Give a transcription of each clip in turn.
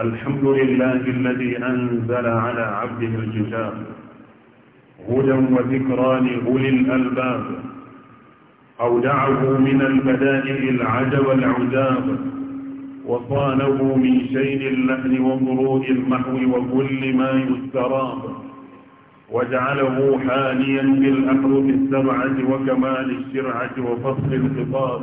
الحمد لله الذي أنزل على عبده الكتاب هدى وذكرى لأولي الألباب أودعه من البدائل العد والعذاب وصانه من شين اللحن وضروء المحو وكل ما يستراب وجعله حاليا بالأحرف السبعة وكمال الشرعة وفصل الخطاب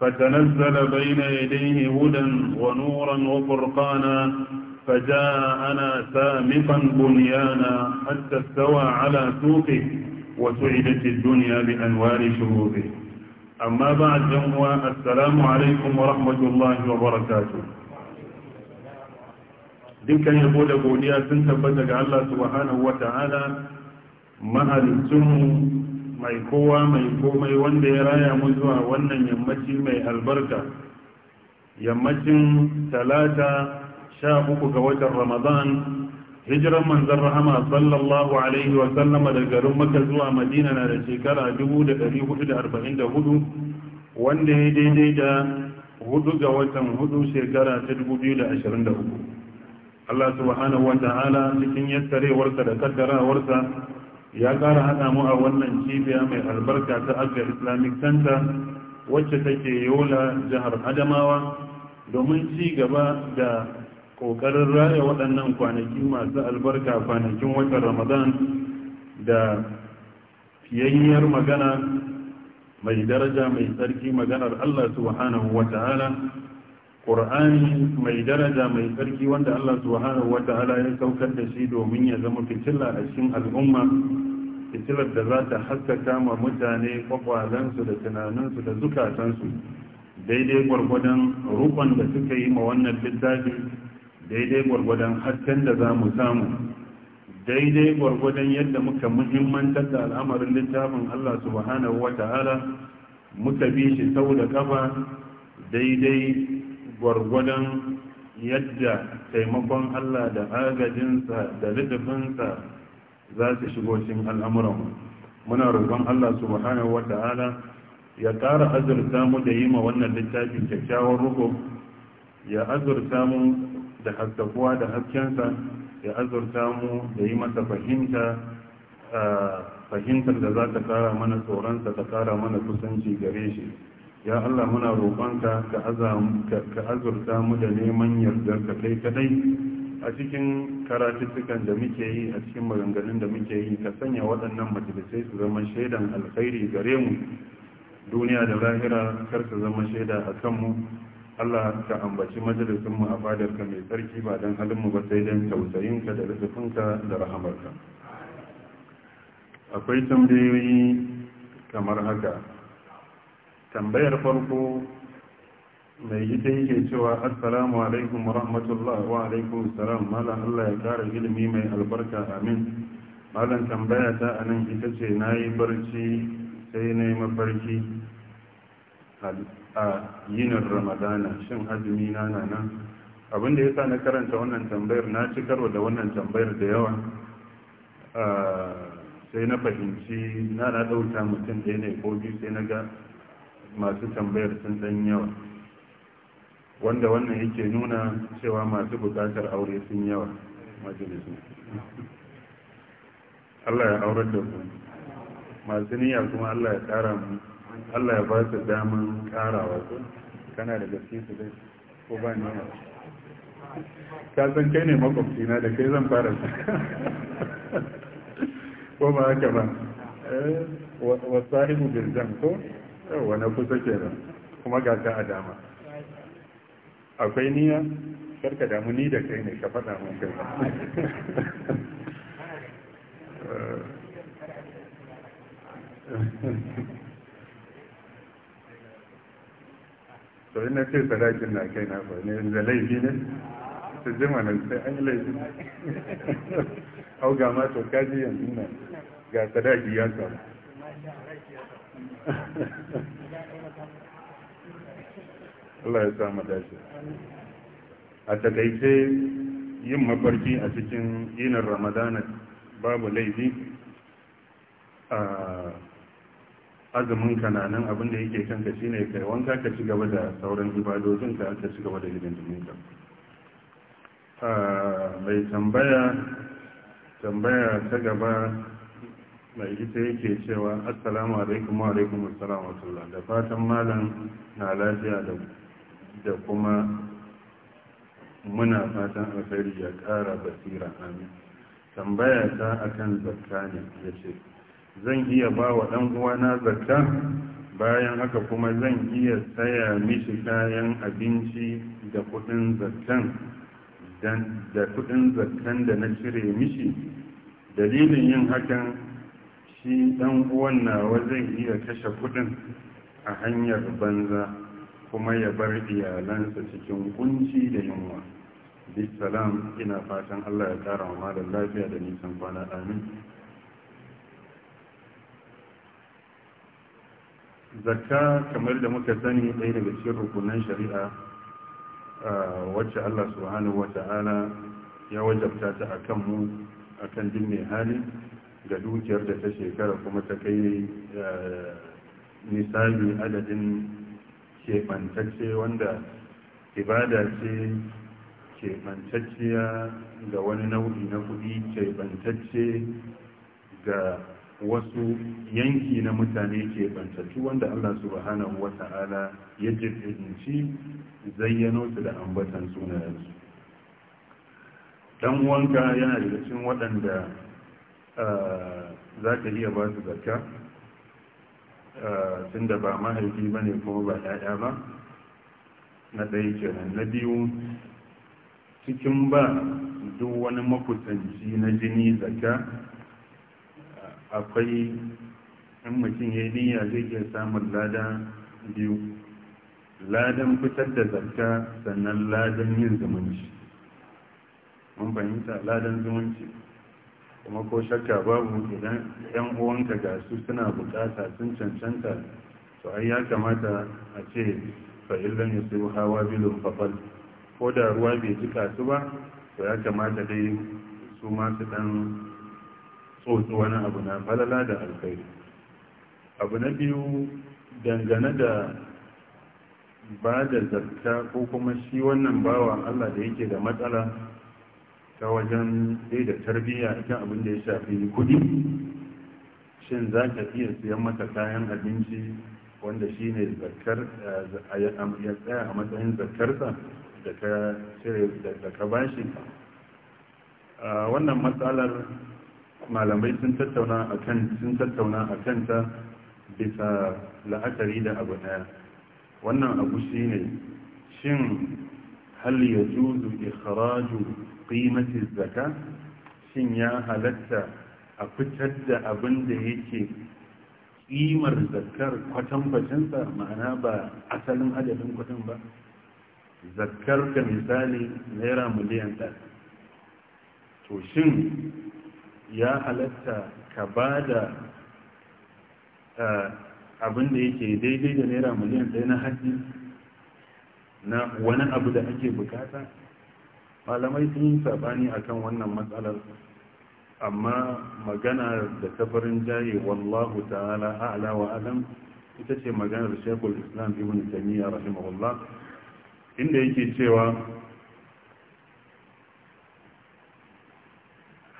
فتنزل بين يديه هدى ونورا وفرقانا فجاءنا سامقا بنيانا حتى استوى على سوقه وسعدت الدنيا بأنوار شروطه أما بعد جموع السلام عليكم ورحمة الله وبركاته dukkan يقول ابو godiya sun tabbata ga سبحانه وتعالى ما ta'ala mai kowa mai komai wanda ya raya mu zuwa wannan yammaci mai albarka yammacin talata sha uku ga watan ramadan hijiran manzan rahama sallallahu alaihi wa sallama da garin maka zuwa madina na da shekara 1444 wanda ya daidai da hudu ga watan hudu shekara ta 2023 Allah subhanahu wa ta'ala cikin yattarewarsa da kaddarawarsa ya ƙara haɗa mu a wannan cibiya mai albarka ta agga islamic center wacce take yola jihar adamawa domin ci gaba da ƙoƙarin raya waɗannan kwanaki masu albarka kwanakin watan ramadan da fiyayyar magana mai daraja mai tsarki maganar allah subhanahu wa ta'ala Qur'ani mai daraja mai tsarki wanda Allah subhanahu ta'ala ya saukar da shi domin ya zama fitila a cikin al'umma fitilar da za ta haskaka ma mutane kwakwalansu da tunaninsu da zukatansu daidai gwargwadon rukon da suka yi ma wannan littafi daidai gwargwadon hasken da za mu samu daidai gwargwadon yadda muka muhimmantar da al'amarin littafin Allah subhanahu wa ta'ala muka bi shi sau da kafa daidai gwargwadon yadda taimakon Allah da agajinsa da littafinsa za su shigo cikin al'amuran muna roƙon Allah subhanahu wata'ala ya ƙara azurta mu da yi ma wannan littafi kyakkyawar ruko ya azurta mu da haskakuwa da haskensa ya azurta mu da yi masa fahimta ah, fahimtar da za ta ƙara mana tsoronsa ta ƙara mana kusanci gare shi ya Allah muna roƙonka ka azurta mu da neman yardarka kai kadai a cikin karatuttukan da muke yi a cikin maganganun da muke yi ka sanya waɗannan majalisai su zama shaidan alkhairi gare mu duniya da lahira kar su zama shaida a kanmu Allah ka ambaci mu a fadarka mai tsarki ba dan halin mu ba sai don tausayinka da ka da rahamarka akwai tambayoyi kamar haka tambayar farko mai ita yake cewa assalamu alaikum wa rahmatullah wa alaikum salam malam Allah ya kara ilimi mai albarka amin malam tambaya ta a nan ita ce na yi barci sai na yi mafarki a yinin ramadana shin azumi na nan abinda ya sa na karanta wannan tambayar na ci karo da wannan tambayar da yawa ah, sai na fahimci na na ɗauka mutum ɗaya ne ko biyu sai na ga masu tambayar sun dan yawa wanda wannan yake nuna cewa masu bukatar aure sun yawa majalisun Allah ya aurar da ku masu niyya kuma Allah ya kara mu Allah ya ba su daman karawa su kana da gaske su dai ko ba ni ka san kai ne makwabci na da kai zan fara ko ba haka ba eh, Wasu sahibu birjan ko yawa na kusa nan kuma ga a dama akwai niya karka damu ni da kai ne ka faɗa mun kai to ina ce sadakin na kai na ne da laifi ne su ji mana sai an yi laifi au ga ma to kaji yanzu na ga sadaki ya samu Allah ya samu dace a takaice yin mafarki a cikin yinin ramadana babu laifi a azumin kananan abinda yake kanka ne kai wanka ka ci gaba da sauran ibadojin ka ka ci gaba da hidindimin ka mai tambaya ta gaba mai ita yake cewa assalamu alaikum wa alaikum assalam wa da fatan malam na lafiya da kuma muna fatan alkhairi ya kara basira amin tambaya ta akan zakka ne yace zan iya ba wa dan uwana zakka bayan haka kuma zan iya tsaya mishi kayan abinci da kudin zakkan da kudin zakkan da na cire mishi dalilin yin hakan shi ɗan uwan nawa zai iya kashe kudin a hanyar banza kuma ya bar iyalansa cikin kunci da yunwa salam ina fatan allah ya ƙara wa malar lafiya da nisan kwana amin zakka kamar da muka sani ɗaya daga cikin rukunan shari'a wacce allah subhanahu wa ta'ala ya wajabta ta a mu a kan din mai hali ga dukiyar da ta shekara kuma ta kai misali eh, adadin keɓantacce wanda ibada ce keɓantacciya ga wani nau'i na kuɗi keɓantacce ga wasu yanki na mutane keɓantattu wanda allah subhanahu ta'ala ya jirginci zayyano su da ambatan sunayensu ɗan wanka yana da cikin waɗanda za ka iya ba su zakka tun da ba mahaifi ba ne kuma ba ya'ya ba na ɗaya kenan na biyu cikin ba duk wani makusanci na jini zakka akwai in mutum ya yi niyya zai iya samun lada biyu ladan fitar da zakka sannan ladan yin zumunci mun fahimta ladan zumunci kuma ko shakka babu idan yan uwanka ga su suna bukata sun cancanta to ai ya kamata a ce fa illan yusibu hawa bilun fafal ko da ruwa bai jika su ba to ya kamata dai su ma su dan tsotsi wani abu na falala da alkhairi abu na biyu dangane da ba da zarta ko kuma shi wannan bawa Allah da yake da matsala ta wajen dai da tarbiyya kan abin da ya shafi kudi shin za ka iya siyan mata kayan abinci wanda shi ne zakar eh, ya tsaya a matsayin zakarsa da ka cire da ka wannan matsalar malamai sun tattauna a kan sun tattauna a kanta bisa la'akari da abu daya wannan abu shine shin hal yajuzu ikhraju qimati zaka shin ya halatta a fitar da abin da yake kimar zakar kwatan sa ma'ana ba asalin adadin kwatan ba zakar ka misali naira miliyan ɗaya to shin ya halatta ka ba da abin da yake daidai da naira miliyan ɗaya na haji na wani abu da ake bukata malamai sun yi saɓani akan wannan matsalar amma magana da tafarin jaye wallahu ta'ala a'la wa alam ita ce maganar shekul islam ibn tamiya rahimahullah inda yake cewa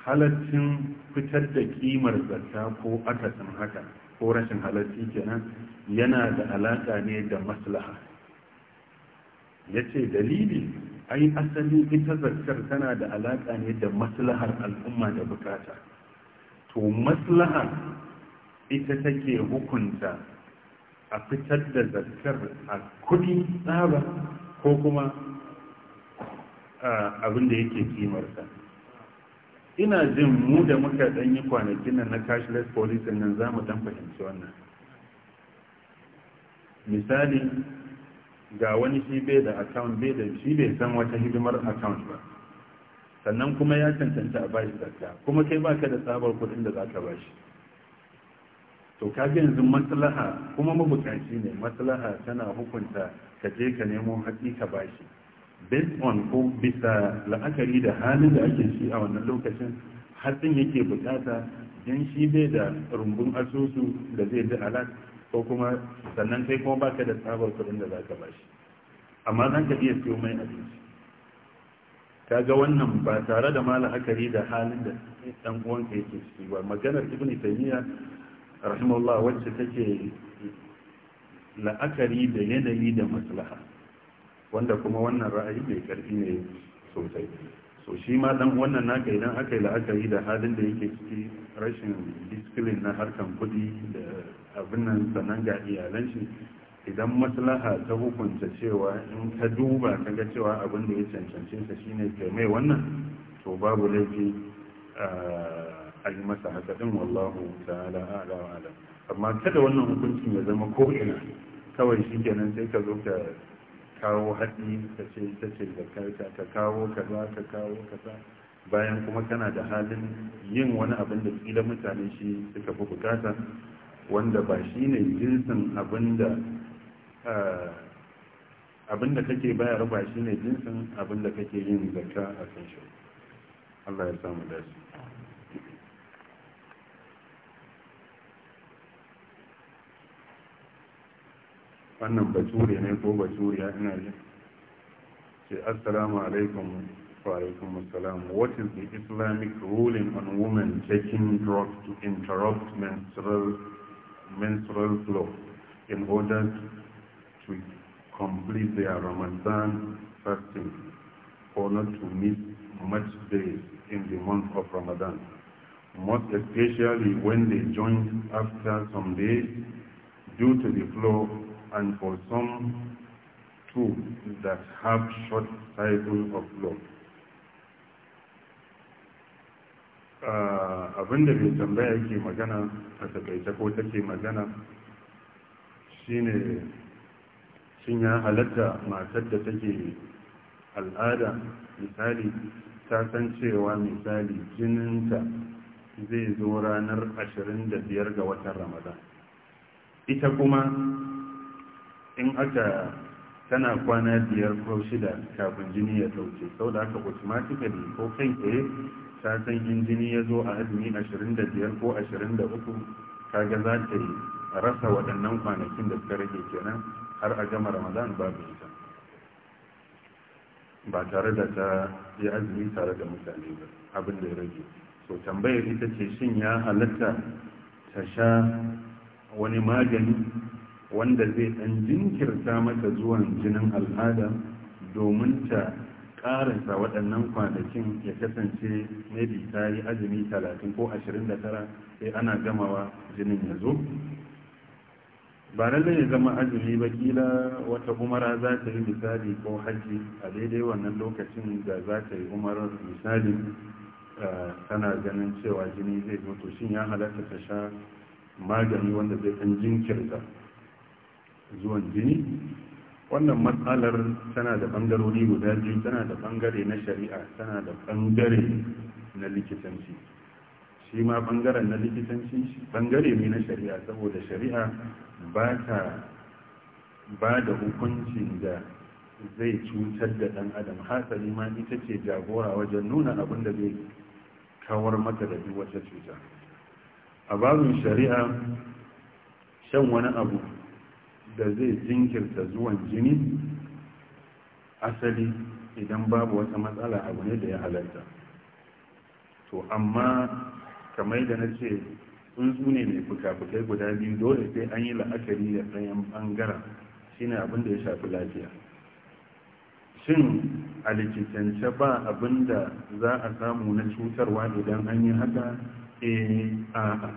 halaccin fitar da kimar zata ko akasin haka ko rashin halacci kenan yana da alaƙa ne da maslaha yace dalili ai asali ita zarkar tana da alaƙa ne da maslahar al'umma da bukata to maslahar ita take hukunta a fitar da zarkar a kudi tsaba ko kuma abin da yake kimarsa ina jin mu da muka ɗanyi kwanakin nan na cashless policy nan za mu dan fahimci wannan misali ga wani shi bai da account bai da shi bai san wata hidimar account ba sannan kuma ya cancanta a bashi zakka kuma kai baka da tsabar kuɗin da zaka bashi to ga yanzu maslaha kuma mabukaci ne maslaha tana hukunta ka je ka nemo haƙi ka bashi based on ko bisa la'akari da halin da ake shi a wannan lokacin hatsin yake bukata don shi bai da rumbun asusu da zai bi alat ko kuma sannan kai kuma baka da tsabar kudin da zaka bashi amma zan ka iya siyo mai abinci Ka ga wannan ba tare da mala hakari da halin da dan uwanka yake ciki ba maganar ibni taymiya rahimahullah wacce take la'akari da yanayi da maslaha wanda kuma wannan ra'ayi mai karfi ne sosai so shi ma dan wannan naka idan aka yi la'akari da halin da yake ciki rashin discipline na harkan kudi da abin nan sannan ga iyalan shi idan maslaha ta hukunta cewa in ka duba ka ga cewa abin da ya cancance sa shine kai mai wannan to babu laifi a yi masa haka wallahu ta'ala ala ala amma kada wannan hukuncin ya zama ko ina kawai shikenan sai ka zo ka kawo haɗi ka ce ta ce da ka kawo kaza ka kawo kaza bayan kuma kana da halin yin wani abin da kila mutane shi suka fi bukata wanda ba shi ne jinsin abin da kake bayar ba shi ne jinsin abin da kake yin zakka a kan shi Allah ya samu dace wannan bature ne ko ya ina ji ce assalamu alaikum What is the Islamic ruling on women taking drugs to interrupt menstrual, menstrual flow in order to complete their Ramadan fasting or not to miss much days in the month of Ramadan? Most especially when they join after some days due to the flow and for some too that have short cycle of flow. Ah, abinda bai tambaya yake magana a takaice ko take magana shine shin ya halatta matar da take al'ada misali ta san cewa misali jininta zai zo ranar 25 ga watan ramadan ita kuma in aka tana kwana biyar ko shida kafin jini ya dauke sau da aka automatically ko kai tsaye ta san in jini ya zo a azumi 25 ko 23 kaga za ta yi rasa waɗannan kwanakin da suka rage kenan har a gama ramadan babu ita ba tare da ta yi azumi tare da mutane ba abin da ya rage so tambayar ita ce shin ya halatta ta sha wani magani wanda zai ɗan jinkirta mata zuwan jinin al'ada domin ta karanta waɗannan kwanakin ya kasance maybe ta yi azumi 30 ko 29 sai ana gamawa jinin ya zo ba lallai ya zama azumi ba kila wata umara za ta yi misali ko hajji a daidai wannan lokacin da za ta yi umarar misali tana ganin cewa jini zai zo to shin ya halatta ta sha magani wanda zai ɗan jinkirta zuwan jini wannan matsalar tana da bangarori guda biyu tana da bangare na shari'a tana da bangare na likitanci shi ma bangaren na likitanci bangare ne na shari'a saboda shari'a ba ta ba da hukuncin da zai cutar da ɗan adam hasali ma ita ce jagora wajen nuna abin da zai kawar mata da duk wata cuta a babin shari'a shan wani abu da zai jinkirta zuwan jini asali idan babu wata matsala abu ne da ya halarta. to amma kamar da na ce tsuntsu ne mai fuka-fukai guda biyu dole sai an yi la'akari da tsayen bangara shine abin da ya shafi lafiya shin a likitance ba abin da za a samu na cutarwa idan an yi haka eh a'a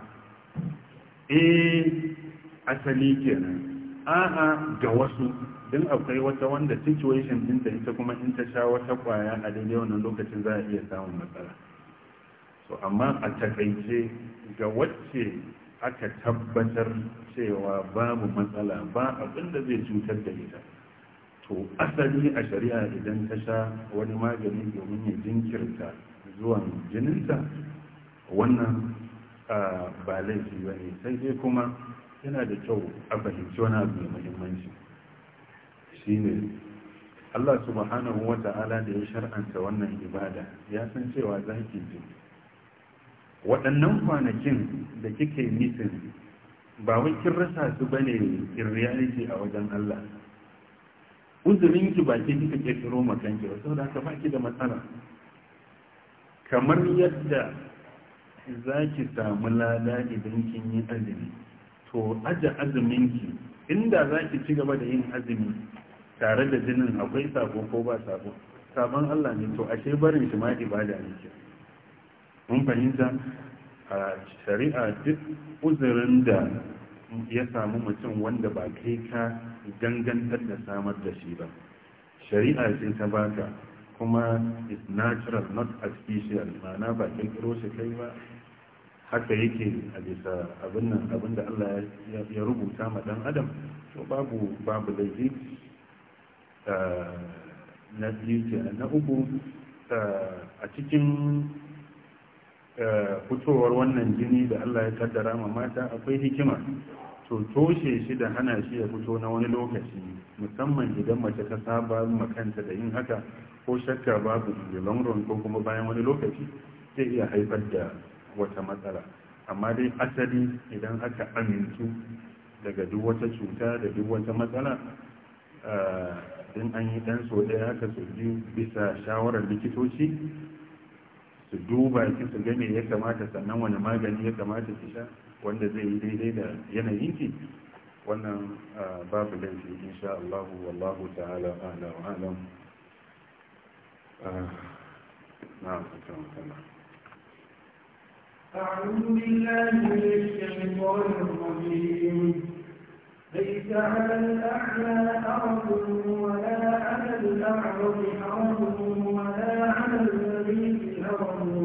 eh, asali kenan a'a ga wasu din akwai wata wanda situation dinta ita kuma in ta sha wata kwaya a daidai wannan lokacin za a iya samun matsala To amma a takaice ga wacce aka tabbatar cewa babu matsala ba abin da zai cutar da ita to asali a shari'a idan ta sha wani magani domin ya jinkirta zuwan jininta wannan ah, ba laifi ba ne sai dai kuma yana da kyau a fahimci wani abu mai muhimmanci Shi ne, Allah subhanahu wa ta'ala da ya shar'anta wannan ibada ya san cewa za ki ji waɗannan kwanakin da kike mitin ba wai kin rasa su ba ne in reality a wajen Allah uzurin ki ba ke kika kirkiro makanki ba saboda haka baki da matsala kamar yadda za ki samu lada idan kin yi azumi to azumin azuminki inda za ki ci gaba da yin azumi tare da jinin akwai sabo ko ba sabo sabon Allah ne to ashe barin shi ma ibada ne ke mun fahimta a shari'a duk uzurin da ya samu mutum wanda ba kai ka gangantar da samar da shi ba shari'a ce ta baka kuma is natural not artificial mana ba kiro shi kai ba haka yake a bisa abin nan abin da Allah ya rubuta ma dan adam to babu babu laifi ah, na biyu na uku ah, a cikin ah, fitowar wannan jini da Allah ya kaddara ma mata akwai hikima to toshe shi da hana shi ya fito na wani lokaci musamman idan mace ta saba kanta da yin haka ko shakka babu da long ko kuma bayan wani lokaci zai iya haifar da wata matsala amma dai asali idan aka amintu daga duk wata cuta da duk wata matsala din eh, an yi ɗan so ɗaya haka su ji bisa shawarar likitoci su duba ki su gane ya kamata sannan wani magani ya kamata ki sha wanda zai yi daidai da yanayin ki? wannan eh, babu laifi insha Allah wallahu ta'ala a'lam wa alam ah, أعوذ بالله من الشيطان الرجيم ليس على الأعلى حرج ولا على الأعرج حرج ولا على الذي حرج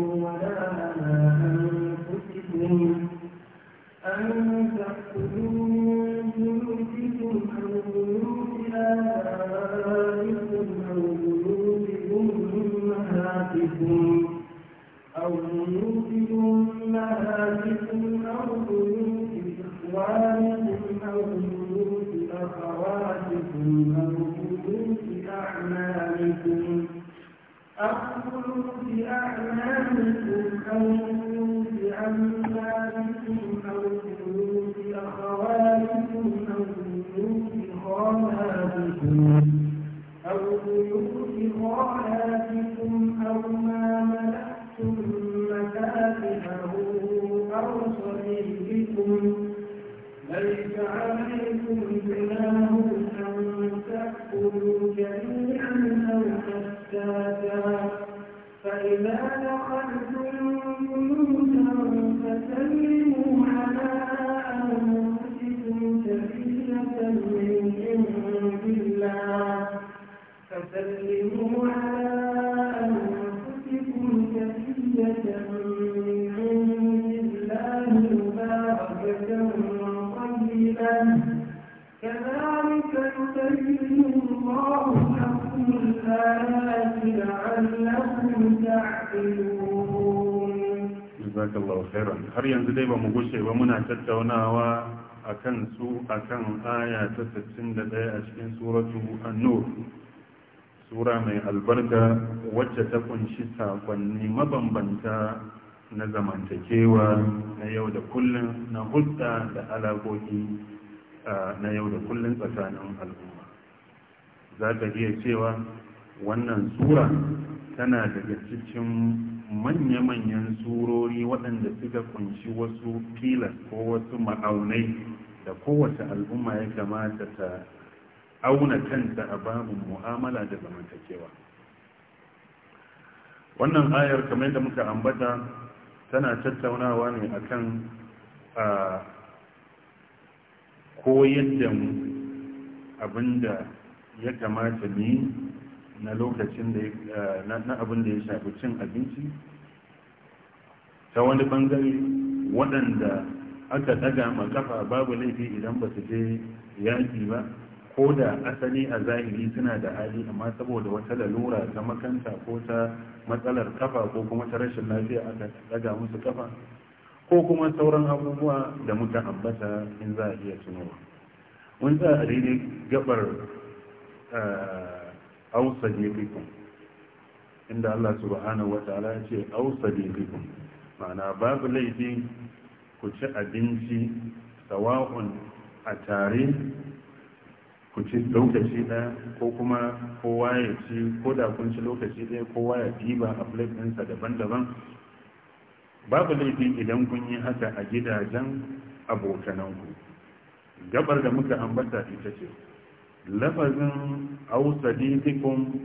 har yanzu dai ba mu gushe ba muna tattaunawa a kan su kan aya ta 61 a cikin suratu an-nur sura mai albarka wacce ta kunshi sakonni mabambanta na zamantakewa na yau da kullum na hulɗa da alaƙoƙi na yau da kullum tsakanin al'umma za ka iya cewa wannan sura tana daga cikin manya-manyan surori waɗanda suka kunshi wasu filas ko wasu ma'aunai da kowace al'umma ya kamata ta auna kanta a babin mu'amala da zamantakewa wannan ayar kamar da muka ambata tana tattaunawa ne akan a koyar da mu abinda ya kamata ne na lokacin da eh, na abin da ya shafi cin abinci ta wani bangare waɗanda aka daga makafa babu laifi idan ba su je yaƙi ba ko da asali a zahiri suna da hali amma saboda wata lalura ta makanta ko ta matsalar kafa ko kuma ta rashin lafiya aka daga musu kafa ko kuma sauran abubuwa da muka ambata in za a iya tunowa mun za a daidai gabar eh, aw sadiqikum inda Allah subhanahu wataala ya ce aw sadiqikum ma'ana babu laifi ku ci abinci sawa'un a tare ku ci lokaci ɗaya ko kuma kowa ya ci ko da kun ci lokaci ɗaya kowa ya ɗiba a plate ɗinsa daban-daban babu laifi idan kun yi haka a gidajen abokananku gabar da muka ambata ita ce lafazin au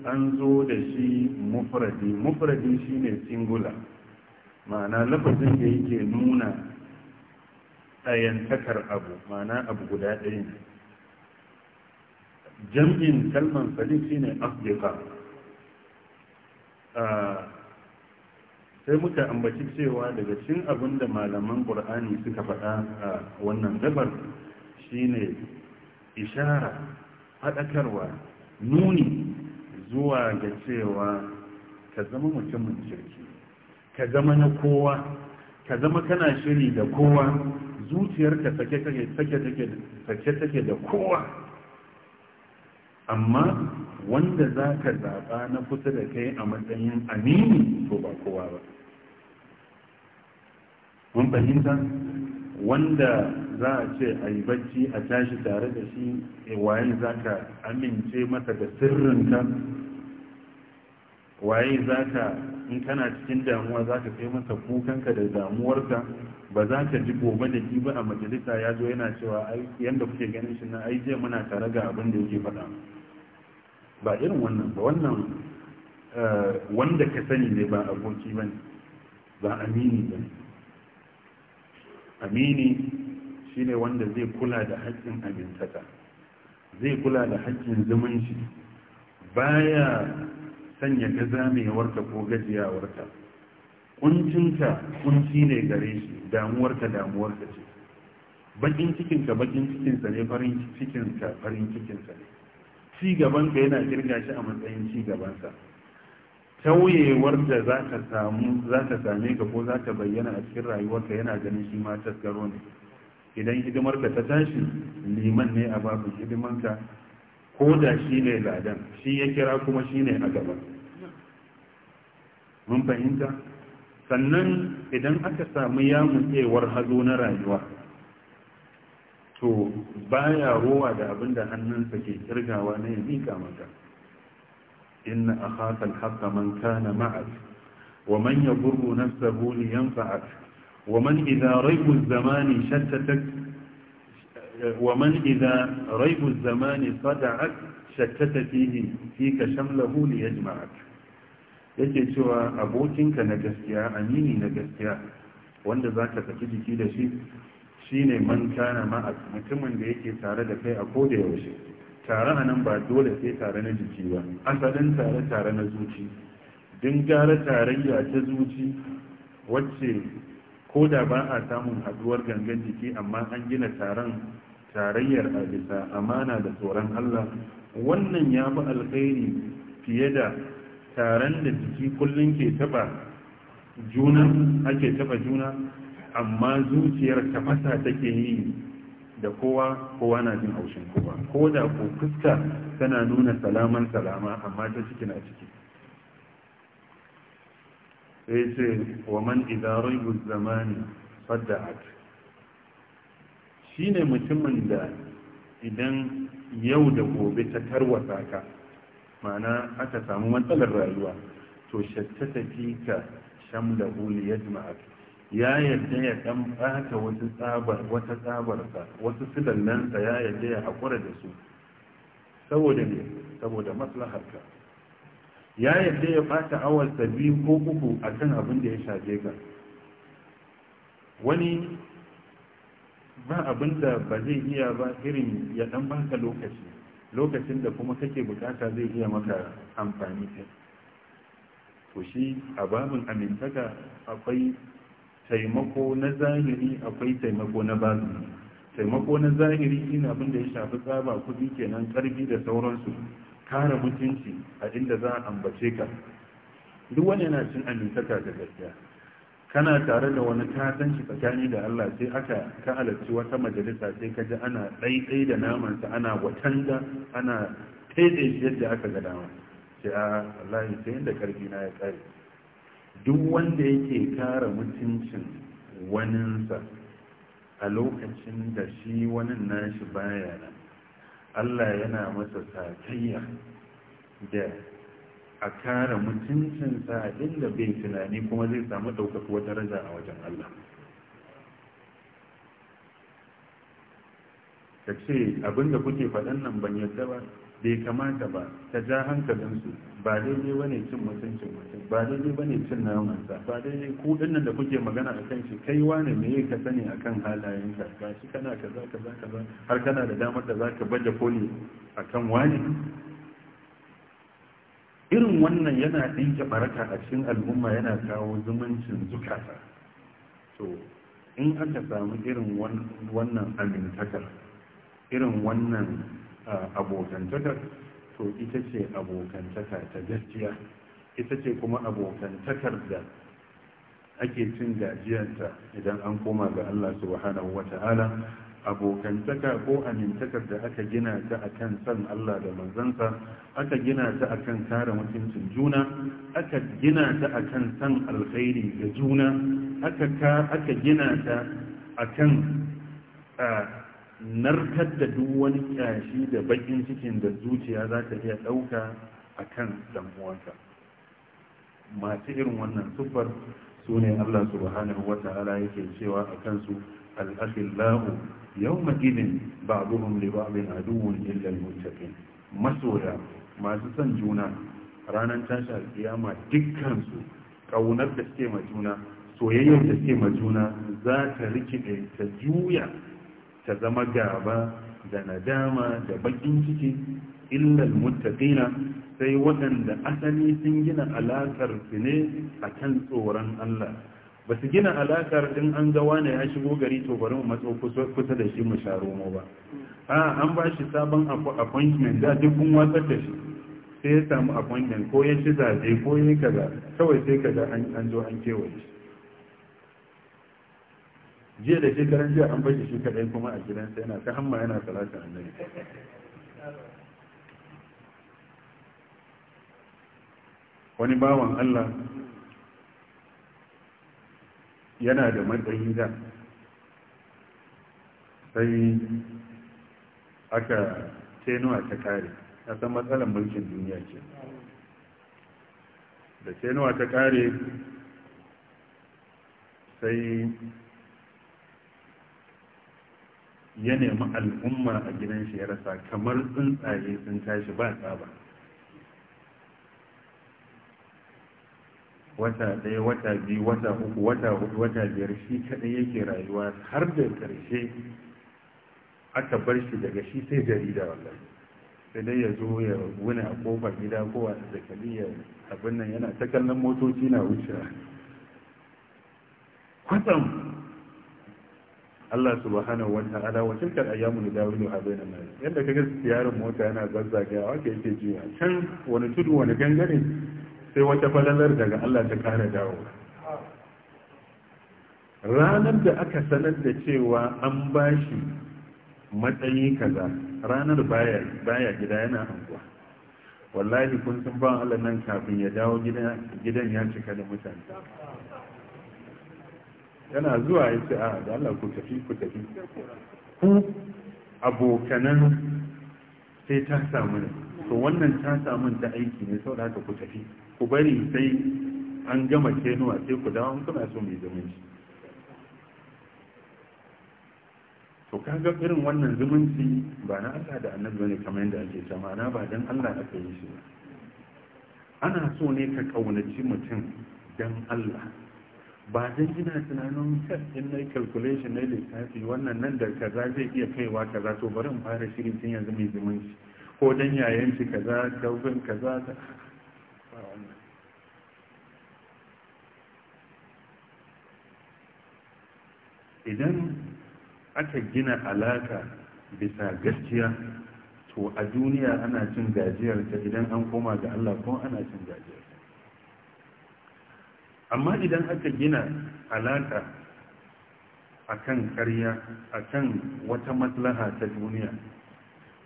an zo da shi mufradi mufradi shine singular ma'ana lafazin da yake nuna ɗayantakar abu ma'ana abu guda ɗaya ne jam'in kalman shi shine Afirka. Ah, sai muka ambaci cewa daga cin abin da malaman qur'ani suka faɗa a wannan gabar shine ishara faɗakarwa nuni zuwa ga cewa ka zama mutumin kirki ka zama na kowa ka zama kana shiri da kowa zuciyarka sake take da kowa amma wanda za ka zaɓa na kusa da kai a matsayin amini to ba kowa ba wanda za a ce a yi bacci a tashi tare da shi eh, waye za ka amince masa da sirrinka waye za ka in kana cikin damuwa za ka kai masa kukanka da damuwarka ba za ka ji gobe da ba a majalisa ya zo yana cewa yadda kuke ganin shi na ai jiya muna tare ga abin da yake faɗa ba irin wannan ba wannan eh, wanda ka sani ne ba aboki ba ba amini ba amini shine wanda zai kula da haƙƙin amintaka zai kula da haƙƙin zumunci baya sanya ga zamewarka ko gajiyawarta. kuncinka kunci ne gare shi damuwarka damuwarka ce bakin cikinka bakin cikinsa ne farin cikinka farin cikinsa ne ci gabanka yana kirga shi a matsayin ci gabansa tauyewar da za ka same ka ko za ka bayyana a cikin rayuwarka yana ganin shi ma tasgaro ne idan hidimar ka ta tashi liman ne a babu hidimanka ko da shi ne ladan shi ya kira kuma shi ne a gaba mun fahimta sannan idan aka samu yamutsewar hazo na rayuwa to baya rowa da abin da hannunsa ke kirgawa na ya maka inna a al-haqqa man kana ma'ad wa man yadurru nafsahu li yanfa'ak ومن إذا ريب الزمان شتتك ومن إذا ريب الزمان صدعك شتت فيه فيك شمله ليجمعك yake cewa abokinka na gaskiya amini na gaskiya wanda za ka saki jiki da shi shine man kana ma mutumin da yake tare da kai a koda yaushe tare a nan ba dole sai tare na jiki ba asalin tare tare na zuci din gara tarayya ta zuci wacce ko da ba a samun haduwar gangan jiki amma an gina taron tarayyar a bisa amana da tsoron Allah wannan ya fi alkhairi fiye da taron da jiki kullum ke taba juna ake taba juna amma zuciyar tafasa take yi da kowa kowa na jin haushin kowa ko da ko fuska tana nuna salaman salama amma ta ciki na ciki sai ce wa man idarai zamani fadda'at shi ne mutumin da idan yau da gobe ta tarwata ka ma'ana aka samu matsalar rayuwa to shatta tafi ka shamla huli ya ya yadda ya ɗan bata wasu tsabar wata tsabarsa wasu silallansa ya yadda ya haƙura da su saboda ne saboda maslaharka ya yarda ya bata awarsa biyu ko uku a kan abin da ya shafe ka wani ba abin da ba zai iya ba irin ya dan baka lokaci lokacin da kuma kake bukata zai iya maka amfani ta. to shi a babin amintaka akwai taimako na zahiri akwai taimako na batini taimako na zahiri ina abin da ya shafi tsaba kuɗi kenan karfi da sauransu kare mutunci a inda za a ambace ka duk wani yana cin amintaka da gaskiya kana tare da wani tasanci tsakani da Allah sai aka ka halarci wata majalisa sai ka ji ana ɗaiɗai da namansa ana da ana taidai yadda aka ga dama sai a ah, Allah sai inda karfi na ya kare duk wanda yake kare mutuncin waninsa a lokacin da shi wani nashi baya nan Allah yana masa satayya da a kare mutuncinsa inda bai tunani kuma zai samu ɗaukakuwar daraja a wajen Allah ka ce abinda kuke faɗan nan ban yadda ba bai kamata ba ta ja hankalinsu ba daidai wane cin mutuncin mutum ba daidai bane cin namansa ba daidai ku dinnan da kuke magana a kan shi kai wane me ka sani a kan halayenka ba shi kana kaza kaza kaza har kana da damar da zaka baje koli a kan wane irin wannan yana ɗinke baraka a cikin al'umma yana kawo zumuncin zukata to in aka samu irin wannan amintakar irin wannan abokantakar to ita ce abokantaka ta gaskiya ita ce kuma abokantakar da ake cin gajiyanta idan an koma ga Allah subhanahu Ta'ala. abokantaka ko amintakar da aka gina ta akan san Allah da manzansa aka gina ta akan kare mutuncin juna aka gina ta akan san alkhairi ga juna aka gina ta akan narkar da duk wani kyashi da bakin cikin da zuciya za ta iya ɗauka a kan damuwanka masu irin wannan sufar su ne allah subhanahu wa ta'ala yake cewa a kansu al'akhillahu yawma yau ba'duhum ba a aduwwun illa al-muttaqin masoya masu son juna ranar tashi alkiyama dukkansu, ƙaunar kaunar da suke ma juna soyayyar da suke ma juna za ta rikide ta juya ta zama gaba da nadama da bakin ciki illal muttaqina sai waɗanda asali sun gina alakar su ne a kan tsoron Allah ba su gina alakar din an ga wane ya shigo gari to bari mu matso kusa da shi mu sharo mu ba a an ba shi sabon appointment da duk kun watsar da shi sai ya samu appointment ko ya ci zaje ko ya kaza kawai sai kaga an zo an kewaye shi jiya da shekaran jiya an bashi shi kadai kuma a gidan gidansa yana ta hamma yana salatin annabi wani bawan Allah yana da matsayi da sai aka tenuwa ta kare na san matsalar mulkin duniya ce da tenuwa ta kare sai ya nemi al'umma a gidan shi ya rasa kamar tsuntsaye sun tashi ba tsaba wata ɗaya wata biyu wata uku wata hudu wata biyar shi kaɗai yake rayuwa har da ƙarshe aka bar shi daga shi sai da wallahi sai dai ya zo ya wuni a kofar gida ko a zakali ya abin nan yana ta kallon motoci na wucewa. kwatsam Allah subhanahu wa ta'ala wa tilka al-ayyamu nadawiluha bainan nas yadda kaga siyarin mota yana zazzagawa ke yake jiya can wani tudu wani gangare sai wata falalar daga Allah ta kara dawo ranar da aka sanar da cewa an bashi matsayi kaza ranar baya baya gida yana anguwa wallahi kun san ba Allah nan kafin ya dawo gidan ya cika da mutane yana zuwa ya ce a ah, da Allah ku tafi ku tafi ku abokanan sai ta samu ne to wannan ta samu ta aiki ne saboda haka ku tafi ku bari sai an gama kenuwa sai ku dawo kuna so mai zumunci to kaga irin wannan zumunci ba na Allah da annabi bane kamar yadda ake cewa na ba dan Allah aka yi shi ba ana so ne ka kaunaci mutum dan Allah ba zan gina tunanin in na calculation na lissafi wannan nan da kaza zai iya kaiwa kaza to bari in fara shirin tun yanzu mai zumunci ko dan yayan shi kaza daufin kaza ta idan aka gina alaka bisa gaskiya to a duniya ana cin gajiyar ta idan an koma ga Allah ko ana cin gajiyar amma idan aka gina alaka akan karya kan wata maslaha ta duniya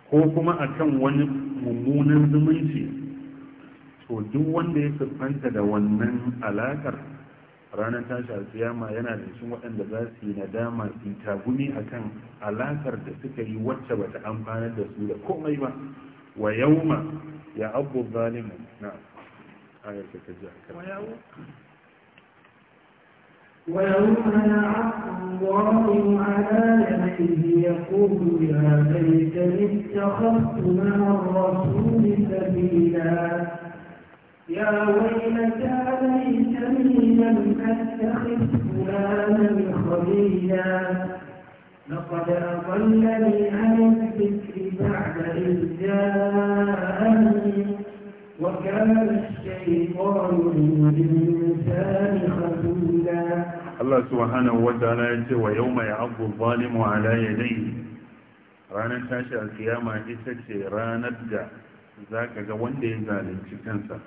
ko kuma a kan wani mummunan zumunci to duk wanda ya siffanta da wannan alakar ranar tashi siyama yana da cikin waɗanda za su yi nadama su tagumi a kan alakar da suka yi wacce ba ta amfanar da su da komai ba wa ma ya abu zalimu na ayar ta ji a ويوم يعض الله على يديه يقول يا ليتني اتخذت مع الرسول سبيلا يا ويلتى ليتني لم اتخذ فلانا خليلا لقد اضلني عن الذكر بعد اذ جاءني allah الشيطان للإنسان خذولا الله wa yau mai abu يعض الظالم على يديه ranar tashi a alkiyama ita ce ranar da za ka ga wanda ya zalunci kansa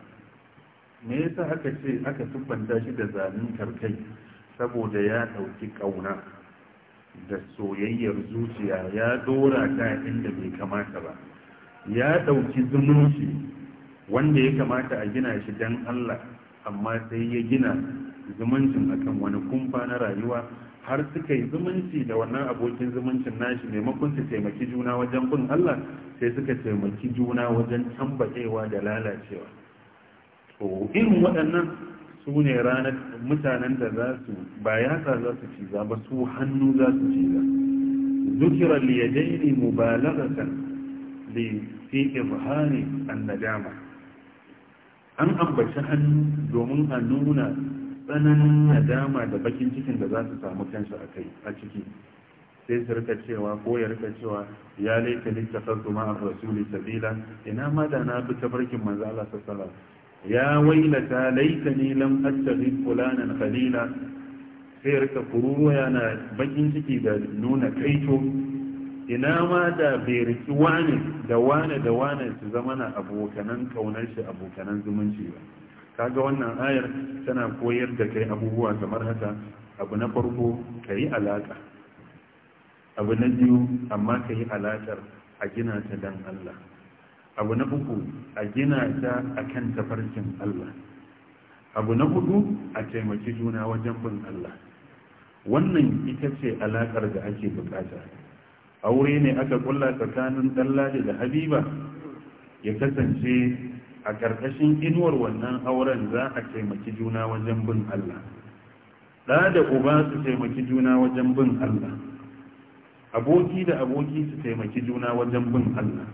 me yasa aka ce aka siffanta shi da zaluntar kai saboda ya ɗauki ƙauna da soyayyar zuciya ya ɗora ta inda bai kamata ba ya ɗauki zumunci wanda ya kamata a gina shi dan Allah amma sai ya gina zumuncin akan wani kumfa na rayuwa har suka yi zumunci da wannan abokin zumuncin nashi maimakon su taimaki juna wajen bin Allah sai suka taimaki juna wajen tambakewa da lalacewa to irin waɗannan su ne ranar mutanen da za su ba yasa za su ciza ba su hannu za su ciza zukira liyadaini mubalaghatan li fi izhari an an ambaci hannu domin a nuna tsananin nadama da bakin cikin da za su samu kansu a kai a ciki sai su rika cewa ko ya rika cewa ya laita littafar ma a rasuli sabila ina ma da na bi tafarkin manzo Allah sallallahu ya wailata laitani lam attakhid fulanan khalila sai rika kuruwa yana bakin ciki da nuna kaito ina ma da bai riki wane da wane da wane su zama na abokanan kaunar shi abokanan zumunci ba kaga wannan ayar tana koyar da kai abubuwa kamar haka abu na farko ka yi alaƙa abu na biyu amma ka yi alaƙar a gina ta don Allah abu na uku a gina ta a kan tafarkin Allah abu na hudu a taimaki juna wajen bin Allah wannan ita ce alaƙar da ake bukata aure ne aka kulla tsakanin dallaji da habiba ya kasance a ƙarƙashin inuwar wannan auren za a taimaki juna wajen bin Allah ɗa da uba su taimaki juna wajen bin Allah aboki da aboki su taimaki juna wajen bin Allah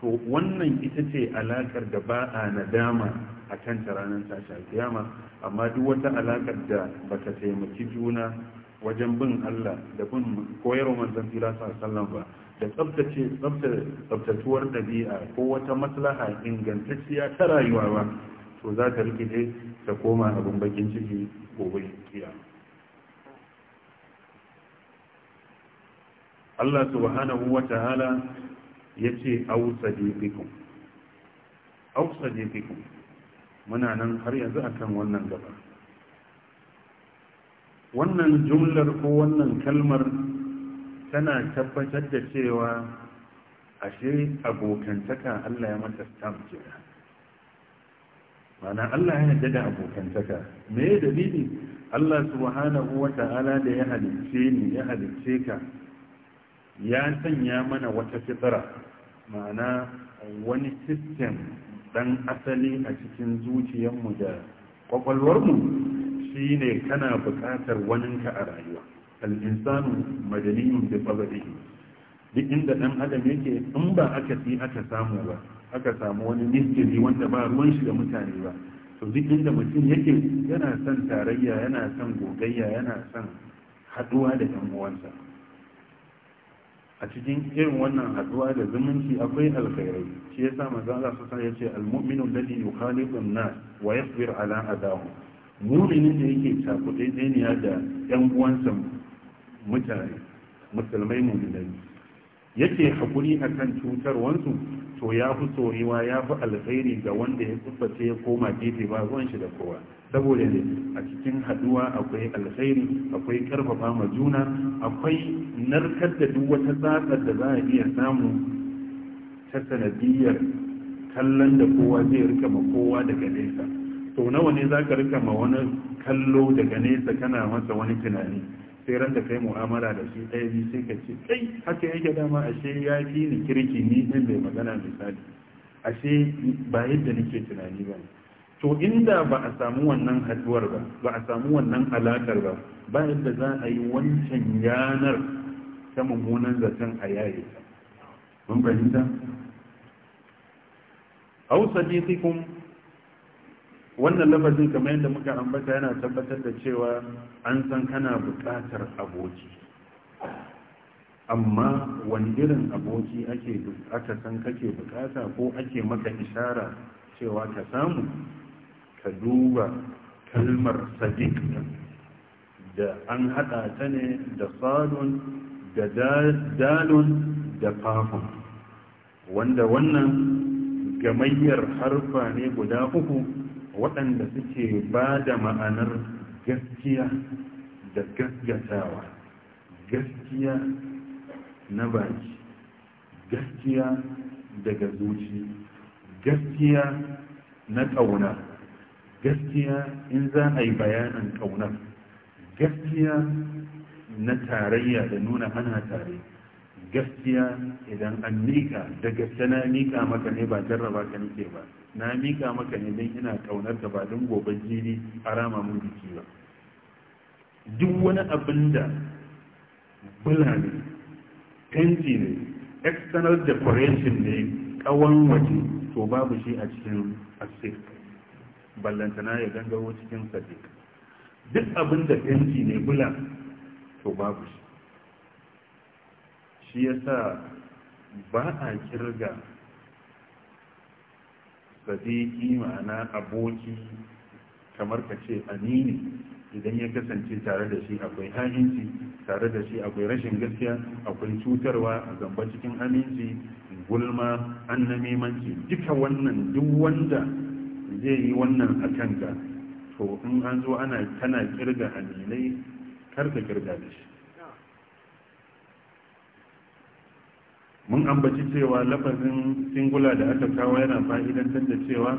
to wannan ita ce alakar da ba a nadama a kan ranar tashi kiyama amma duk wata alakar da baka taimaki juna wajen bin Allah da bin koyarwa manzon Allah sallallahu ba da tsabtace tsabtatuwar dabi'a ko wata maslaha ingantacciya ta rayuwa ba to za ta rikice ta koma abin bakin ciki gobe kiya Allah subhanahu wa ta'ala ya ce ausadifikun muna nan har yanzu akan wannan gaba wannan jumlar ko wannan kalmar tana tabbatar da cewa ashe abokantaka Allah ya mata stamp mana Allah ya yarda da abokantaka me ya dalili Allah subhanahu wa ta'ala da ya halicce ni ya halicce ka ya sanya mana wata fitara ma'ana wani system dan asali a cikin zuciyarmu da kwakwalwarmu shi ne kana buƙatar waninka a rayuwa al'insanu madaniyun da tsabarihi duk inda ɗan adam yake in ba aka fi aka samu ba aka samu wani miskili wanda ba ruwan shi da mutane ba to duk inda mutum yake yana son tarayya yana son gogayya yana son haɗuwa da ɗan uwansa a cikin irin wannan haɗuwa da zumunci akwai alkhairai shi yasa manzo Allah sallallahu alaihi wasallam yace al-mu'minu alladhi yukhalifu an-nas wa yasbiru ala adahum muminin da yake cakudaideniya da yan uwansa mutane musulmai muminai yake hakuri a kan wansu to ya fi tsorewa ya fi alkhairi ga wanda ya tsubbace ya koma gefe ba ruwan shi da kowa saboda ne a cikin haduwa akwai alkhairi akwai karfafa ma juna akwai narkar da duk wata tsatsar da za a iya samu ta sanadiyar kallon da kowa zai rika kowa daga nesa to nawa ne za ka rika ma wani kallo daga nesa kana masa wani tunani sai ran da kai mu'amala da shi ɗaya biyu sai ka ce kai haka yake dama ashe ya fi ni kirki ni ɗin bai magana misali ashe ba yadda nake tunani ba to inda ba a samu wannan haduwar ba ba a samu wannan alakar ba ba yadda za a yi wancan yanar ta mummunan zaton a yaye ta mun fahimta wannan lafazin kamar yadda muka ambata yana tabbatar da cewa an san kana buƙatar aboki amma wani irin aboki ake aka san kake buƙata ko ake maka ishara cewa ka samu ka duba kalmar sadiq da an haɗa ta ne da salon da dalon da wanda wannan gamayyar harfa ne guda uku waɗanda suke ba da ma'anar gaskiya da gaskatawa gaskiya na baki gaskiya daga zuci gaskiya na ƙauna gaskiya in za a yi bayanin ƙaunar gaskiya na tarayya da nuna ana tare gaskiya idan an mika da gaske na mika maka ne ba jarraba ka nike ba na mika maka ne don ina kaunar da ba don gobe jiri a rama mun jiki ba duk wani abin da bula ne fenti ne external decoration ne kawan waje to babu shi a cikin asir ballantana ya gangaro cikin sadiq duk abin da fenti ne bula to babu shi shi yasa ba a kirga sadiki ma'ana aboki kamar ka ce amini idan ya kasance tare da shi akwai aminci tare da shi akwai rashin gaskiya akwai cutarwa a gamba cikin aminci gulma an na memanci duka wannan duk wanda zai yi wannan a kanka to in an zo ana kana kirga aminai kar ka kirga da shi mun ambaci cewa lafazin singular da aka kawo yana fa'idantar da cewa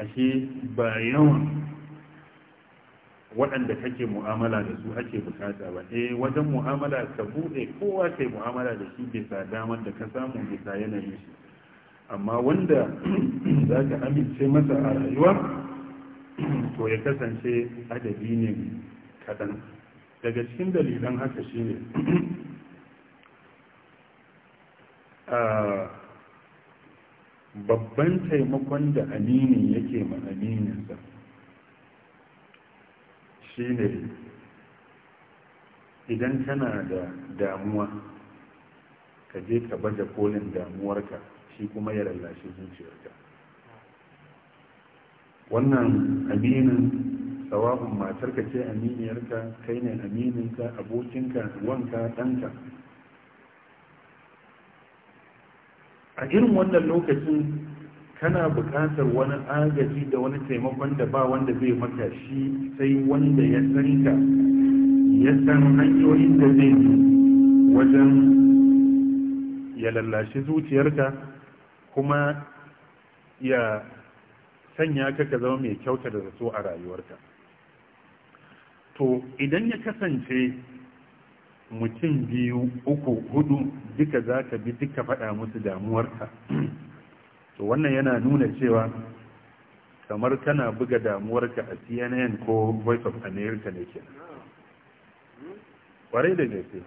ashe ba yawan waɗanda kake mu'amala da su ake bukata ba eh wajen mu'amala ka buɗe kowa kai mu'amala da shi bisa damar da ka samu bisa yanayin shi amma wanda za ka amince masa a rayuwa to ya kasance adabi ne kaɗan daga cikin dalilan haka shine babban taimakon da aminin yake ma amininsa shi ne idan kana da damuwa ka je ka baje kolin damuwarka shi kuma ya lallashi zuciyarka wannan aminin sawa'un matarka ce aminiyarka kai ne amininka abokinka wanka ɗanka a irin wannan lokacin kana bukatar wani agaji da wani taimakon da ba wanda zai maka shi sai wanda ya san ya san hanyoyin da zai yi wajen ya lallashi zuciyarka kuma ya sanya ka ka zama mai kyauta da zato a rayuwarka to idan ya kasance mutum biyu uku hudu duka za ka bi duka faɗa musu damuwarka to wannan yana nuna cewa kamar kana buga damuwarka a cnn ko voice of america ne ke Kwarai da gaske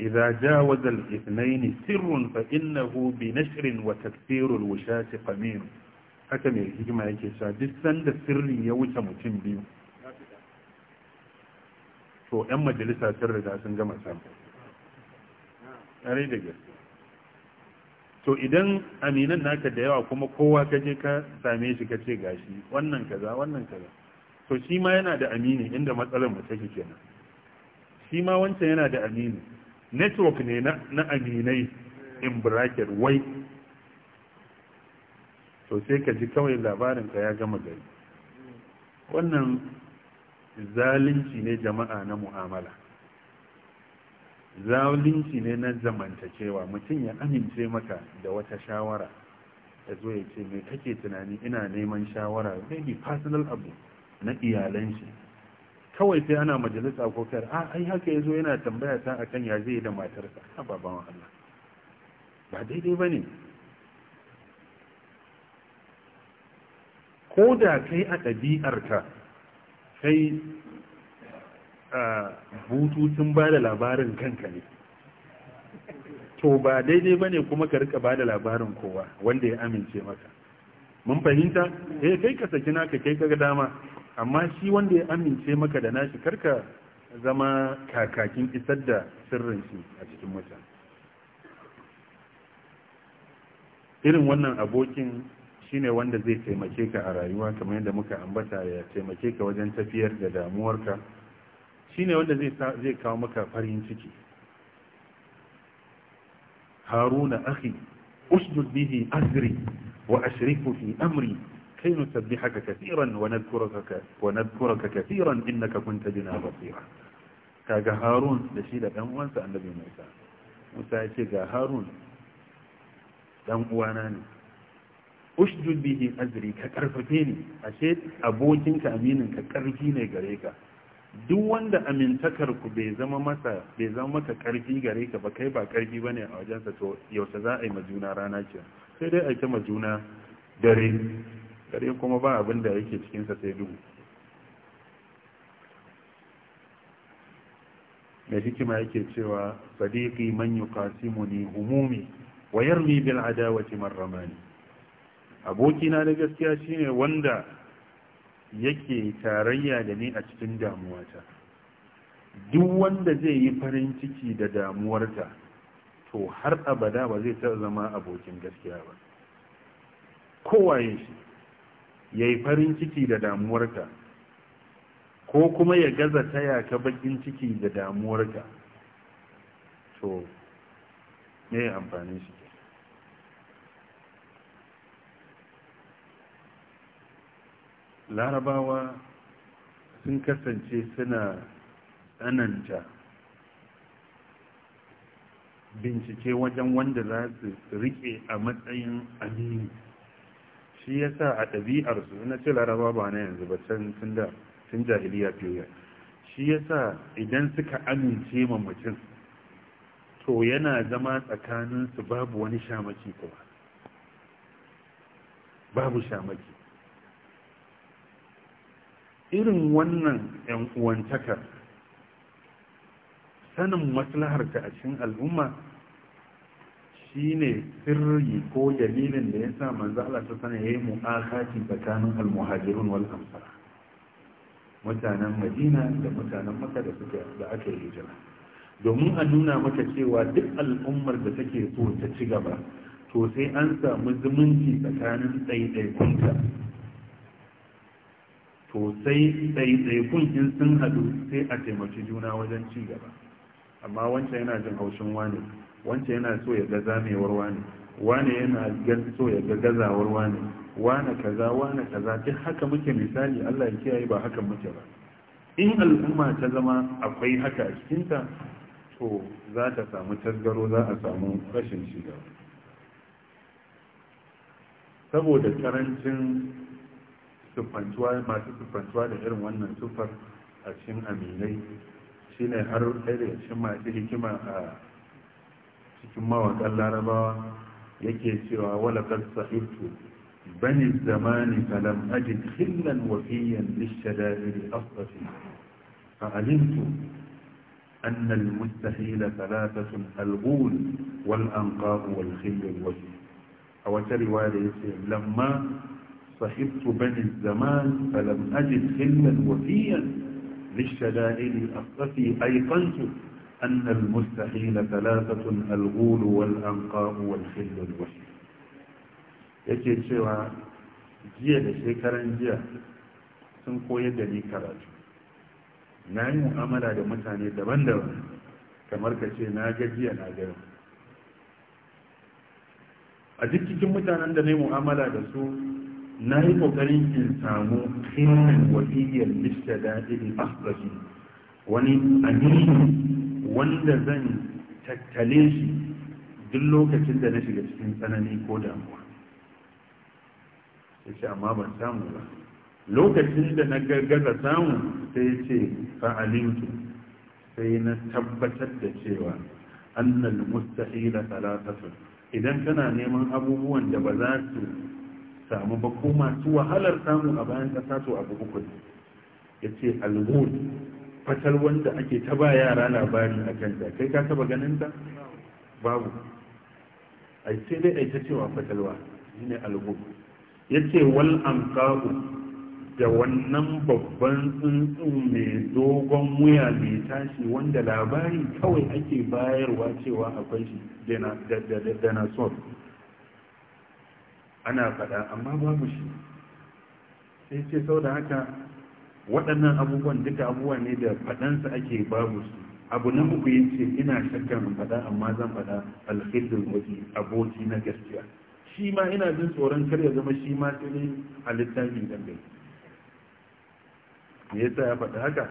إذا جاوز na shirin فإنه بنشر وتكثير الوشاة قمير haka mai hikima yake sha, duk sanda sirri ya wuce mutum biyu to 'yan majalisa sun riga sun gama samu ƙarai da gaske to idan aminan naka da yawa kuma kowa ka je ka same shi ka ce gashi wannan kaza wannan kaza to shi ma yana da amini inda matsalar mu take kenan shi ma wancan yana da amini network ne na aminai in bracket wai to sai ka ji kawai labarin ka ya gama gari wannan zalunci ne jama'a na mu'amala zalunci ne na zamantakewa mutum ya amince maka da wata shawara ya zo ya ce mai kake tunani ina neman shawara maybe personal abu na iyalan kawai sai ana majalisa ko kar a ai haka zo yana tambaya ta akan ya zai da matarsa a baban Allah ba daidai ba ne. ko da kai a ɗabi'arka kai bututun ba da labarin kanka ne to ba daidai ba ne kuma ka rika ba da labarin kowa wanda ya amince maka mun fahimta eh kai ka saki naka kai ka dama amma shi wanda ya amince maka da nashi karka zama kakakin isar da sirrin shi a cikin mutane irin wannan abokin shine wanda zai taimake ka a rayuwa kamar yadda muka ambata ya taimake ka wajen tafiyar da damuwarka shine wanda zai kawo maka farin ciki haruna akhi usdud bihi azri wa ashriku fi amri kai nusabbihaka katiran wa nadhkuruka wa nadhkuruka katiran innaka kunta bina basira kaga harun da shi da dan uwansa annabi Musa Musa ya ce ga harun dan uwana ne ushdud bihi azri ka karfafe ni ashe abokinka aminin ka karfi ne gare ka duk wanda amintakar ku bai zama masa bai zama maka karfi gare ka ba kai ba karfi bane a sa to yaushe za a yi majuna rana ce sai dai a yi ta majuna dare dare kuma ba abin da yake sa sai duhu mai hikima yake cewa sadiqi man yuqasimuni humumi wa yarmi bil adawati man ramani abokina na gaskiya shine wanda yake tarayya da ni a cikin damuwata duk wanda zai yi farin ciki da damuwarta to har abada ba zai taɓa zama abokin gaskiya ba kowaye shi ya yi farin ciki da damuwarka ko kuma ya gaza taya ka bakin ciki da damuwarka to me amfani shi larabawa sun kasance suna tsananta bincike wajen wanda za su rike a matsayin amini shi ya sa a ɗabi'arsu na ce laraba ba na yanzu ba can sun da tun jahiliya fiye shi ya sa idan suka amince ma mutum to yana zama tsakaninsu babu wani shamaki kuma babu shamaki irin wannan yan uwantaka sanin maslahar ta a cikin al'umma shine sirri ko dalilin da ya sa manzo Allah ta sanar yi mu'akati tsakanin al-muhajirun wal ansar mutanen Madina da mutanen Makka da suke da aka yi hijira domin a nuna maka cewa duk al'ummar da take so ta ci gaba to sai an samu zumunci tsakanin ɗaiɗaikunta to sai ɗaiɗaikun in sun haɗu sai a taimaki juna wajen ci gaba amma wancan yana jin haushin wane wancan yana so ya ga zamewar wane wane yana so ya ga gazawar wane wani kaza wani kaza duk haka muke misali Allah ya kiyaye ba haka muke ba in al'umma ta zama akwai haka a cikinta to za ta samu tasgaro za a samu rashin shiga saboda karancin siffantuwa masu siffantuwa da irin wannan siffar a cikin aminai shine har ɗaya da cikin masu hikima a cikin mawaƙan larabawa yake cewa walakar sahibtu bani zamani falam ajid khillan wafiyan lishada'iri asbafi fa alimtu أن المستحيل ثلاثة الغول والأنقاء والخل والوجه أو ترواية لما صحبت بني الزمان فلم أجد حلما وفيا للشدائد أصفي أيقنت أن المستحيل ثلاثة الغول والأنقاء والخل الوحي yake cewa jiya da shekaran jiya sun koyar da ni karatu na yi mu'amala da mutane daban-daban kamar ka ce na ga jiya na ga a duk cikin mutanen da na yi mu'amala da su na yi ƙoƙarin in samu kiran wasiyyar lista da irin asibiti wani amini wanda zan tattale shi duk lokacin da na shiga cikin tsanani ko damuwa ya ce amma ban samu ba lokacin da na gaza samu sai ce fa'alintu sai na tabbatar da cewa annal mustahila talatatun idan kana neman abubuwan da ba za su samu ba ko masu wahalar samu a bayan ƙasa to abu uku ya ce alhul fatal wanda ake ta ba yara labari a ta kai ka taba ganin ta babu ai sai dai ai ta cewa fatalwa ne alhul ya ce wal amqa'u da wannan babban tsuntsun mai dogon wuya mai tashi wanda labari kawai ake bayarwa cewa akwai shi da na ana faɗa amma babu shi sai ce sau da haka waɗannan abubuwan duka abubuwa ne da faɗansa ake babu su abu na muku yin ce ina shakkar faɗa amma zan faɗa alhidin wani aboki na gaskiya shi ma ina jin tsoron kar ya zama shi ma sai a littafin dangai me yasa ya faɗa haka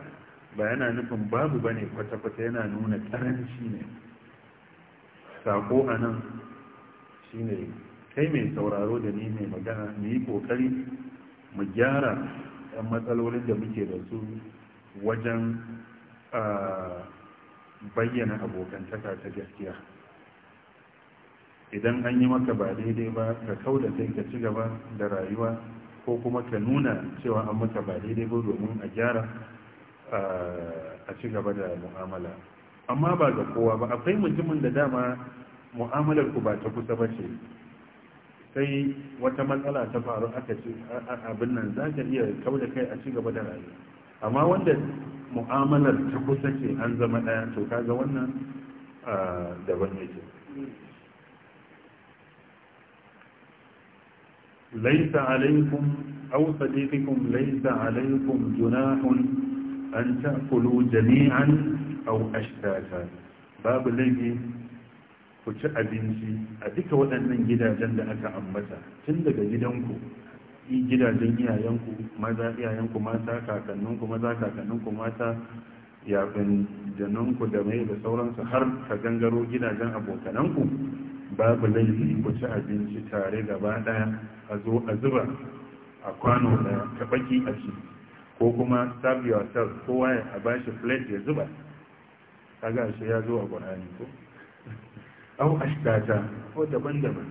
ba yana nufin babu ba ne kwata-kwata yana nuna karanci ne sako a nan shi ne kai mai sauraro da ni mai magana mu yi kokari mu gyara yan matsalolin da muke da su wajen bayyana abokantaka ta gaskiya idan an yi maka ba daidai ba ka kau da kai ka ci gaba da rayuwa ko kuma ka nuna cewa an maka ba daidai ba domin a gyara a ci gaba da mu'amala amma ba ga kowa ba akwai mutumin da dama mu'amalar ku ba ta kusa ba ce sai wata matsala ta faru aka ce abin nan za ka iya kau da kai a ci gaba da rayuwa amma wanda mu'amalar ta kusa ce an zama ɗaya to kaga wannan daban yake laisa alaikum aw sadiqikum laisa alaikum junahun an ta'kulu jami'an aw ashtata babu laifi ku ci abinci a duka waɗannan gidajen da aka ambata tun daga gidanku gidajen iyayenku maza iyayenku mata kakanninku maza kakanninku mata yafin da mai da sauransu har ka gangaro gidajen abokananku babu laifi ku ci abinci tare gaba ɗaya a zo a zuba a kwano da kabaki a ci ko kuma serve yourself kowa ya bashi plate ya zuba ga shi ya zo a gurani ko au ashtata ko daban-daban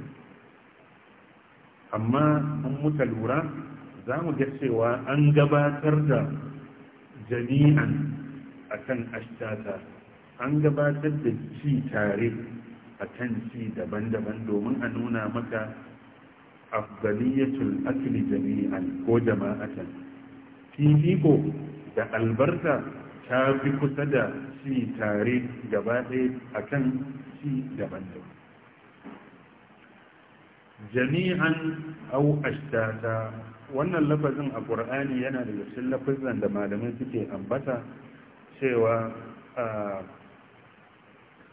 amma in muka lura za mu ga cewa an gabatar da jami'an akan ashtata an gabatar da ci tare akan ci daban-daban domin a nuna maka afdaliyatul akli jami'an ko jama'atan fifiko da albarka ta fi kusa da ci tare gaba ɗaya akan nau'i daban-daban jami'an au ashtata wannan lafazin a ƙur'ani yana da cikin lafazin da malamai suke ambata cewa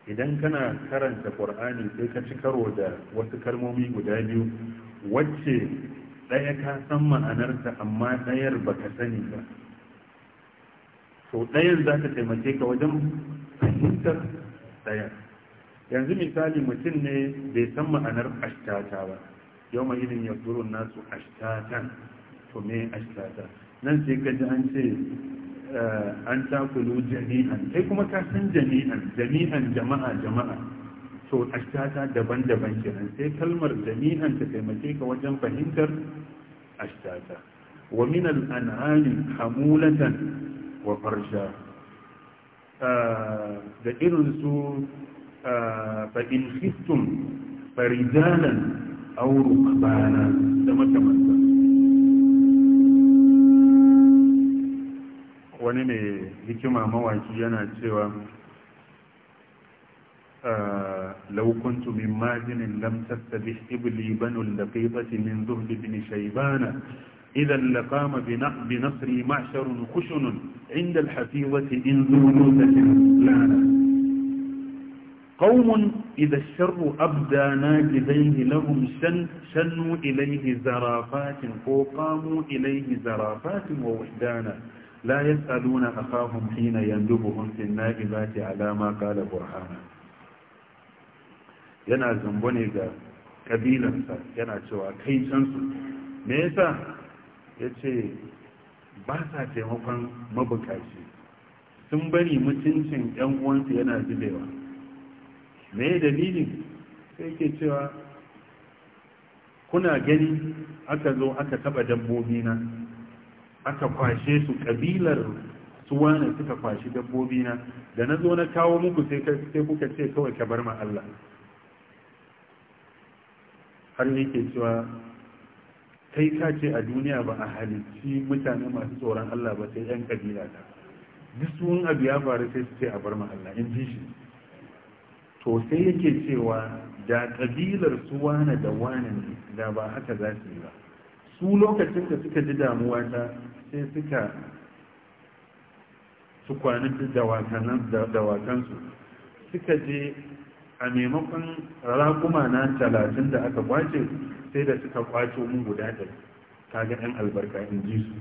idan kana karanta ƙur'ani sai ka ci karo da wasu kalmomi guda biyu wacce ɗaya ka san ma'anarta amma ɗayar ba ka sani ba to ɗayan za ka taimake ka wajen fahimtar ɗayar yanzu misali mutum ne bai san ma'anar ashtata ba yau ma irin ya turo nasu ashtatan to me ashtata nan sai ka an ce eh, an takulu jami'an kai kuma ka san jami'an jami'an jama'a jama'a to ashtata daban-daban kenan sai kalmar jami'an ta taimake ka wajen fahimtar ashtata wa min al'anani hamulatan wa farsha eh, da irin su آه، فإن خفتم فرجالا أو ركبانا لما تمسا wani mai hikima mawaki yana لو كنت من مازن لم تستبح إبلي بنو اللقيطة من ذهب بن شيبانا إذا لقام بنصري معشر خشن عند الحفيظة إن ذو نوتة لانا قوم إذا الشر أبدى ناجذيه لهم شن شنوا إليه زرافات وقاموا إليه زرافات ووحدانا لا يسألون أخاهم حين يندبهم في النائبات على ما قال برحانا yana zumbane ga kabilansa yana cewa kai cansu me yasa ya ce ba sa taimakon mabukaci sun bari mutuncin 'yan uwansu yana zubewa me dalilin sai ke cewa kuna gani aka zo aka taba dabbobi na aka kwashe su kabilar suwana suka kwashe dabbobi na da na zo na kawo muku sai kuka ce kawai ka bar ma Allah har ke cewa kai ka ce a duniya ba a halicci mutane masu tsoron Allah ba sai 'yan kabila ta duk sun abu ya faru sai su ce a bar mu Allah in ji shi to sai yake cewa da ƙabilar su wane da wane da ba haka za su yi ba su lokacin da suka ji damuwa ta sai suka su da dawakansu suka je a maimakon raguma na talatin da aka kwace sai da suka kwace mun guda da kaga yan albarka in ji su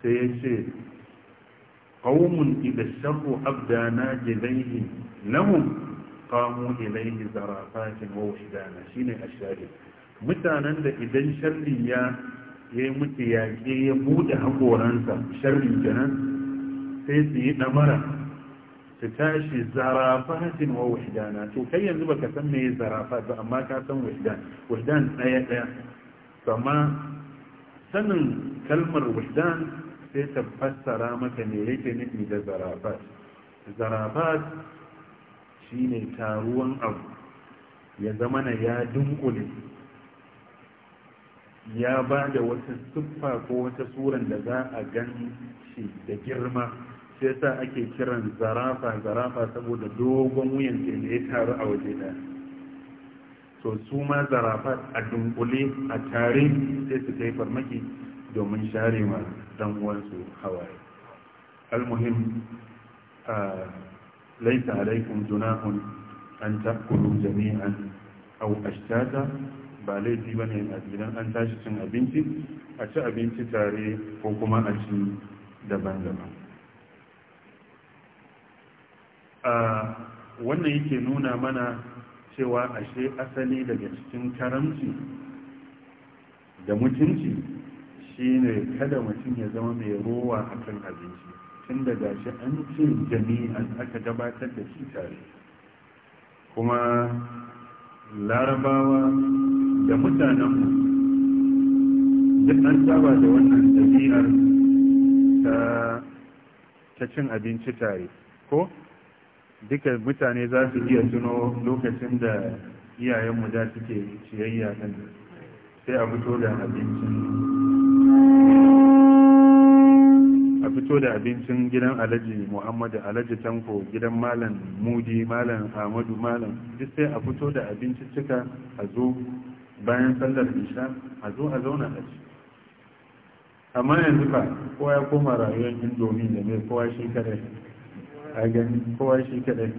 sai ya ce na idashabu abdana jidaihi lahum qamu ilayhi zarafatin wa wahdana shine ashari mutanen da idan sharri ya ya mutu yaƙe ya buɗe hakoransa sharri kenan sai su yi ɗamara su tashi zarafatin wa wahdana to kai yanzu baka san me zarafat ba amma ka san wahdan wahdan ɗaya ɗaya amma sanin kalmar wahdan sai ta fassara maka me yake nufi da zarafat zarafat shine taruwan abu ya zama na ya dunkule ya ba da wata siffa ko wata suran da za a gan shi da girma sai sa ake kiran zarafa zarafa saboda dogon wuyan da ya taru a waje da so su ma zarafa a dunkule a tare sai su kai farmaki domin sharewa don wasu uwansu hawaye almuhim ah, ليس عليكم جناح أن تأكلوا جميعا أو أشتاتا ba laifi ba ne a gidan an tashi cin abinci a ci abinci tare ko kuma a ci daban-daban wannan yake nuna mana cewa ashe asali daga cikin karamci da mutunci shine kada mutum ya zama mai rowa akan abinci tunda da shi an ce jami'an aka gabatar da shi tare kuma larabawa da mutanenmu duk an saba da wannan tafiyar ta cin abinci tare ko duka mutane za su iya tuno lokacin da iyayenmu da suke ciyayya kan sai a fito da abincin fito da abincin gidan alhaji muhammadu alhaji tanko gidan malam mudi malam ahmadu malam duk sai a fito da abinciccika a zo bayan sallar isha a zo a zauna a ci amma yanzu ba kowa ya koma rayuwar indomi da mai kowa shi kadai a gani kowa shi kadai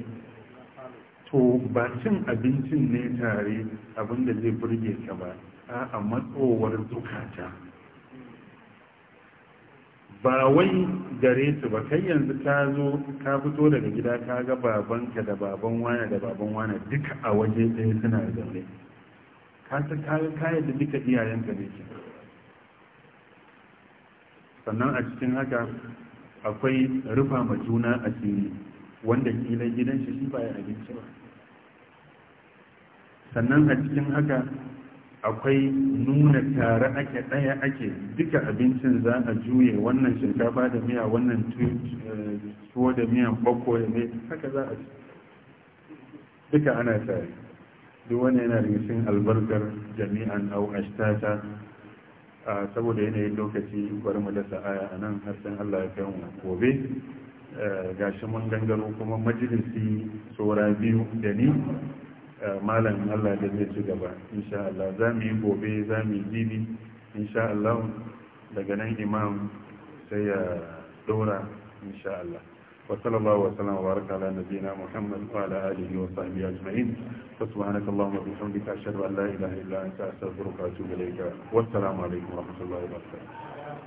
to ba cin abincin ne tare abinda zai burge ka ba a matsowar zukata ba wai gare su ba kai yanzu ka zo ka fito daga gida ka ga babanka da baban wane da baban wane duka a waje ɗaya suna zaune ka ta kayan da duka ka ne ke sannan a cikin haka akwai rufa ma juna a fili wanda kila gidan shi ba ya abinci ba sannan a cikin haka akwai nuna tare ake ɗaya ake duka abincin za a juye wannan shinkafa da miya wannan eh, tuwo da miyan bako da mai haka za a duka ana tare duk wani yana da albarkar jami'an au ashtata saboda yanayin lokaci bari mu dasa aya a nan har sai Allah ya kai mu gobe eh, gashi mun gangaro kuma majalisi tsora biyu da ni malam Allah da zai ci gaba insha Allah za mu yi gobe za mu yi jibi insha Allah daga nan imam sai ya dora insha Allah wa sallallahu wa sallam wa baraka ala nabiyyina Muhammad wa ala alihi wa sahbihi ajma'in subhanaka allahumma wa bihamdika ashhadu an la ilaha illa anta astaghfiruka wa atubu ilayka wa assalamu alaikum wa rahmatullahi wa barakatuh